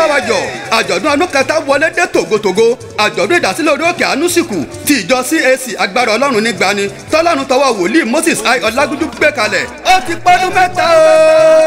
estaba yo. àjọ̀dún ọdún kẹta wọlé dé tògótògó àjọ̀dún ìdásílẹ̀ orí òkè àánú sìkù ti ìjọ CAC agbára ọlọ́run ní gbani tọ́lọ́run tọwọ́ wòlíì Moses i ọlágúdú gbé kalẹ̀ ó ti pọ́dún mẹ́ta o.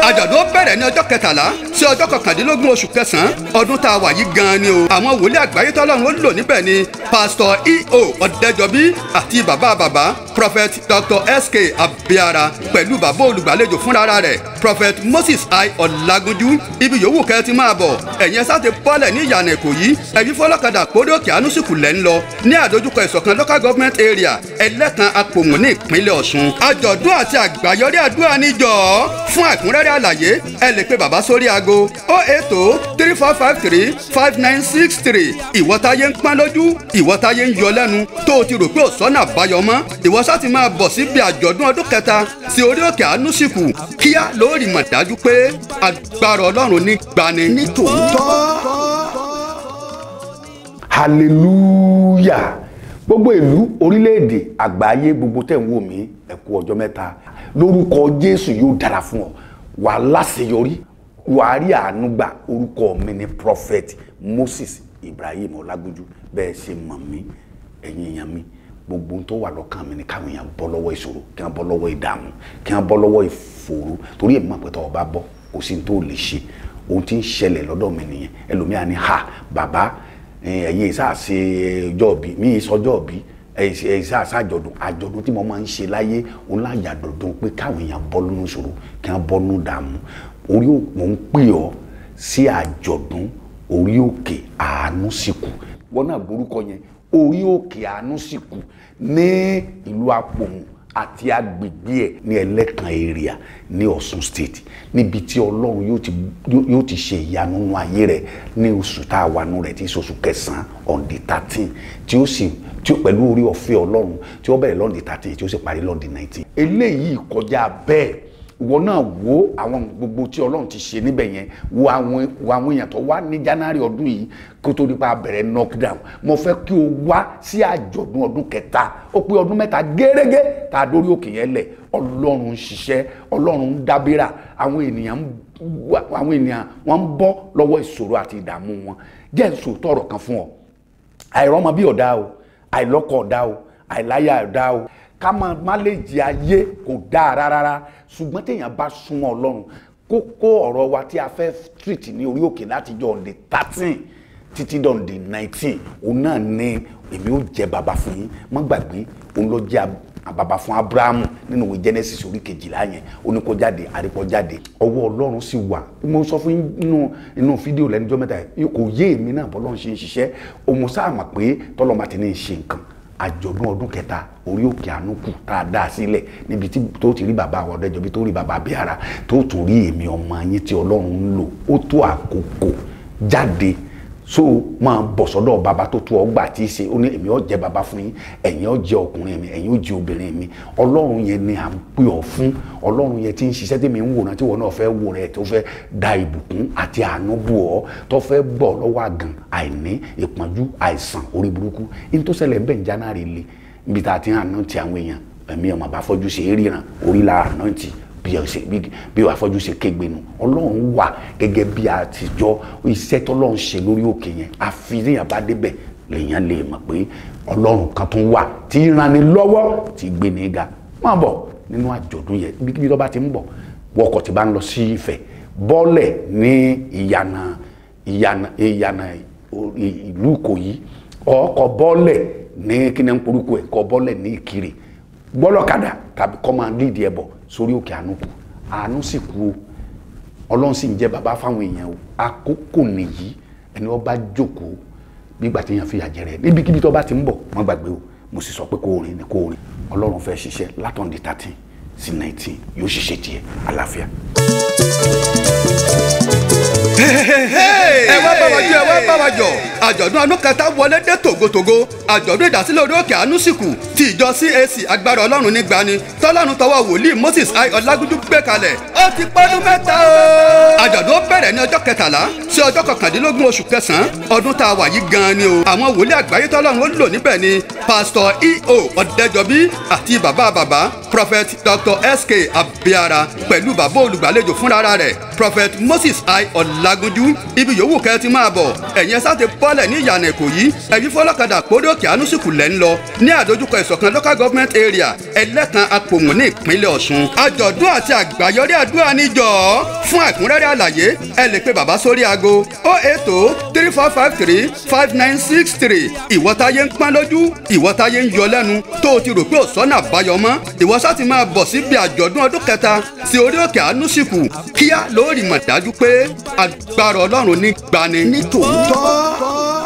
àjọ̀dún ó bẹ̀rẹ̀ ní ọjọ́ kẹtàlá sí ọjọ́ kọkàndínlógún oṣù kẹsàn-án ọdún tá a wà yìí gan-an ni o àwọn wòlíì àgbáyé tọ́lọ́run ó lò níbẹ̀ ni pásítọ̀ E.O. ọ̀dẹ́jọbí àti bàbá bàbá prophet dr S.K. abiara pẹ̀lú bàbá olùgbàlejò fúnra rẹ̀ prophet Moses i ọlágúdú ibi yòówù kẹ́ ti máa bọ̀ ẹ̀yẹn sáté bọ́lẹ̀ ní ìyànà èkó yìí ẹ̀yí fọlọ́kadà pódókè anúsùkù lẹ́ ń lọ ní àdójúkọ ìsọ̀kan local government area ẹlẹ́kan akòmù ní ìpínlẹ̀ ọ̀ṣun àjọ̀dún àti àgbáyọrí àdúrà níjọ fún àkúnrẹ́rẹ́ àlàyé ẹ lè pe bàbá sórí aago o oh eight o oh three four five three five nine six three ìwọ́tayé ń pán lójú ìwọ́tayé ń yọ lẹ́nu tó o ti rò pé òsọ́nà àbáyọ mọ́ ìwọ sá ti máa bọ̀ síbi àjọ̀dún ọdún kẹta sí orí òkè anúsùkù kíá lórí mọ̀ dájú pé agbára ọlọ́run ní gbani. ní tòótọ́ hallelujah gbogbo ìlú orílẹ̀-èdè àgbáyé gbogbo tẹ̀ ń wò mí ẹ kú ọjọ́ mẹ́ta lórúkọ jésù yóò dára fún ọ wàá láṣeyọrí wàá rí àánú gbà orúkọ mi ni prophet moses ibrahim ọlágúnjú bẹ́ẹ̀ ṣe mọ̀ mí ẹ̀yin èèyàn mi gbogbo tó wà lọ́kàn mi ni káwọn èèyàn bọ́ lọ́wọ́ ìṣòro kí wọ́n bọ́ lọ́wọ́ ìdààmú kí wọ́n bọ́ lọ́wọ́ ìfòòró torí èmi mọ̀ pé tọ́wọ́ bá bọ́ kò sí ní tó lè ṣe ohun tí ń ṣẹlẹ̀ lọ́dọ̀ mi nìyẹn ẹlòmíà ni ha bàbá ẹ̀yin ìsáàsì ọjọ́ọ̀bí mi ìsọjọ́ọ̀bí ìsáàsì àjọ̀dún àjọ̀dún tí mo máa ń ṣe láyé òun láàjàdọ̀dún pé káwọn èèyàn bọ́ nínú ìṣòro kí wọ́n bọ́ nínú ìdààmú orí mò ń pè ọ́ sí àjọ̀dún orí òkè àánú síkù wọn náà borúkọ yẹn orí òkè àánú síkù ní ìlú apòmù àti agbègbè ẹ̀ ní ẹlẹ́kan area ní Ọ̀ṣun state níbi tí ọlọ́run yóò ti ṣe ìyanu nínú ayé rẹ̀ ní oṣù tá a wà nù rẹ̀ tí í kẹsàn-án on the thirteen tí ó sì tí ó pẹ̀lú orí ọ̀fẹ́ ọlọ́run tí ó bẹ̀rẹ̀ lọ́ọ̀dì thirteen tí ó sì parí lọ́ọ̀dì nineteen eléyìí kọjá bẹ́ẹ̀ ìwọ náà wo àwọn gbogbo tí ọlọ́run ti ṣe níbẹ̀ yẹn wo àwọn wo àwọn èèyàn tó wá ní january ọdún yìí kó tó nípa bẹ̀rẹ̀ knockdown mo fẹ́ kí o wá sí àjọ̀dún ọdún kẹta ó pé ọdún mẹ́ta gẹ́rẹ́gẹ́ tá a dórí òkè yẹn lẹ̀ ọlọ́run ń ṣiṣẹ́ ọlọ́run ń dábìrà àwọn ènìyàn àwọn ènìyàn wọ́n ń bọ́ lọ́wọ́ ìṣòro àti ìdààmú wọn jẹ́ ìṣòótọ́ ọ̀rọ̀ kan fún ọ àìrọ́mọ bí o àìlọ́kọ ọ̀dá o àìláyà ọ̀dá o ká máa máléjì ayé kò dáa rárá ṣùgbọ́n téèyàn bá súnmọ́ ọlọ́run kókó ọ̀rọ̀ wa tí a fẹ́ treat ní orí òkè láti jọ on the thirteen títí dọ̀n the nineteen òun náà ni èmi ò jẹ́ bàbá fún yín má gbàgbé òun ló jẹ́ àbàbà fún abrahamu nínú ìwé genesis orí kejìlá yẹn ó ní kó jáde àríkọ jáde ọwọ́ ọlọ́run sì wà mo sọ fún inú inú fídíò lẹ́nujọ́ mẹ́ta yìí kò yé èmi náà bọ́lọ́run ṣe ń ṣiṣẹ́ òun pé tọ́lọ́mà ti ní ṣe nǹkan àjọ̀dún ọdún kẹta orí òkè ànúkù tá a dá a sílẹ̀ níbi tó ti rí bàbá àwọn ọ̀dẹ́jọ́bí tó rí bàbá abíára tó tún rí èmi ọmọ yín tí ọlọ́run ń lò ó tó àkókò jáde so máa bọ̀ sọ́dọ̀ bàbá tó tó ọgbà tí í ṣe ó ní èmi ó jẹ́ bàbá fún yín ẹ̀yin ó jẹ́ ọkùnrin mi ẹ̀yin ó jẹ́ obìnrin mi ọlọ́run yẹn ni à ń pè ọ́ fún ọlọ́run yẹn ti ń ṣiṣẹ́ tèmi ń wòran tí wọn náà fẹ́ wò rẹ̀ tó fẹ́ da ìbùkún àti àánú bù ọ́ tó fẹ́ bọ̀ lọ́wọ́ àgàn àìní ìpọ́njú àìsàn orí burúkú ní tó ṣẹlẹ̀ bẹ́ẹ̀ ń jánárì le níbi tá a ti hàn náà ti àwọn èèyàn ẹ̀mí ọmọ la hàn bí afọ́jú ṣe kégbe nu ọlọ́run wà gẹ́gẹ́ bí àtijọ́ iṣẹ́ tọ́lọ́run ṣe lórí òkè yẹn àfi léèyàn bá débẹ̀ lèèyàn lè mọ̀ pé ọlọ́run kan tó wà tí ń ranni tí gbé ní ga máa bọ̀ nínú àjọ̀dún yẹn bí tó bá ti ń bọ̀ wọkọ̀ tí bá ń lọ sí Ifẹ̀ bọ́lẹ̀ ní ìyànà ìyànà ìyànà ìlú ní ni ń porúkọ ní sórí òkè àánú kù àánú sì kú o ọlọ́run sì ń jẹ́ bàbá fáwọn èèyàn o àkókò nìyí ẹni ọba jókòó nígbà tí èèyàn fi yà jẹrẹ níbikíbi tó bá ti ń bọ̀ má gbàgbé o mo sì sọ pé kó orin ni kó orin ọlọ́run fẹ́ ṣiṣẹ́ látọ̀ndé thirteen sí nineteen yóò ṣiṣẹ́ tiẹ̀ àlàáfíà ẹ wá bá wa jọ ẹ wá bá wa jọ àjọ̀dún ọdún kẹta wọlé dé tògótògó àjọ̀dún ìdásílẹ̀ orí òkè ànúsìkù ti ìjọ CAC agbára ọlọ́run nígbà ni tọ́lọ́run tọwọ́ wòlíì Moses i ọlágúdú gbé kalẹ̀ ó ti pọ́dún mẹ́ta o. àjọ̀dún ó bẹ̀rẹ̀ ní ọjọ́ kẹtàlá sí ọjọ́ kọkàndínlógún oṣù kẹsàn-án ọdún tá a wà yìí gan-an ni o àwọn wòlíì àgbáyé tọ́lọ́run ó lò níbẹ̀ ni pásítọ̀ E.O. ọ̀dẹ́jọbí àti bàbá prophet Dr. S.K. abiara pẹ̀lú bàbá olùgbàlejò fúnra rẹ̀ prophet Moses i ọ̀l lagunjú ibi yòówù kẹ́ ẹ ti máa bọ̀ ẹ̀yin ẹ̀sà ti bọ́lẹ̀ ní ìyànà èkó yìí ẹ̀yin fọlọ́kadà kódé òkè anúsùkù lẹ́ ń lọ ní àdójúkọ ìṣọ̀kan local government area ẹlẹ́kan apòmù ní ìpínlẹ̀ ọ̀ṣun àjọ̀dún àti àgbáyọrí àdúrà níjọ́ fún àkúnrẹ́rẹ́ àlàyé ẹ lè pe bàbá sórí aago 08034535963 ìwọ táyé ń pọ́n lójú ìwọ táyé ń yọ lẹ́nu tó o ti rò pé òsọ́nà àbáyọ mọ́ ìwọ sá ti máa bọ̀ síbi àjọ̀dún ọdún kẹta sí orí òkè anúsùkù kíá lórí mọ̀ dájú pé àd agbára ọlọ́run ní gbani. ní tòótọ́.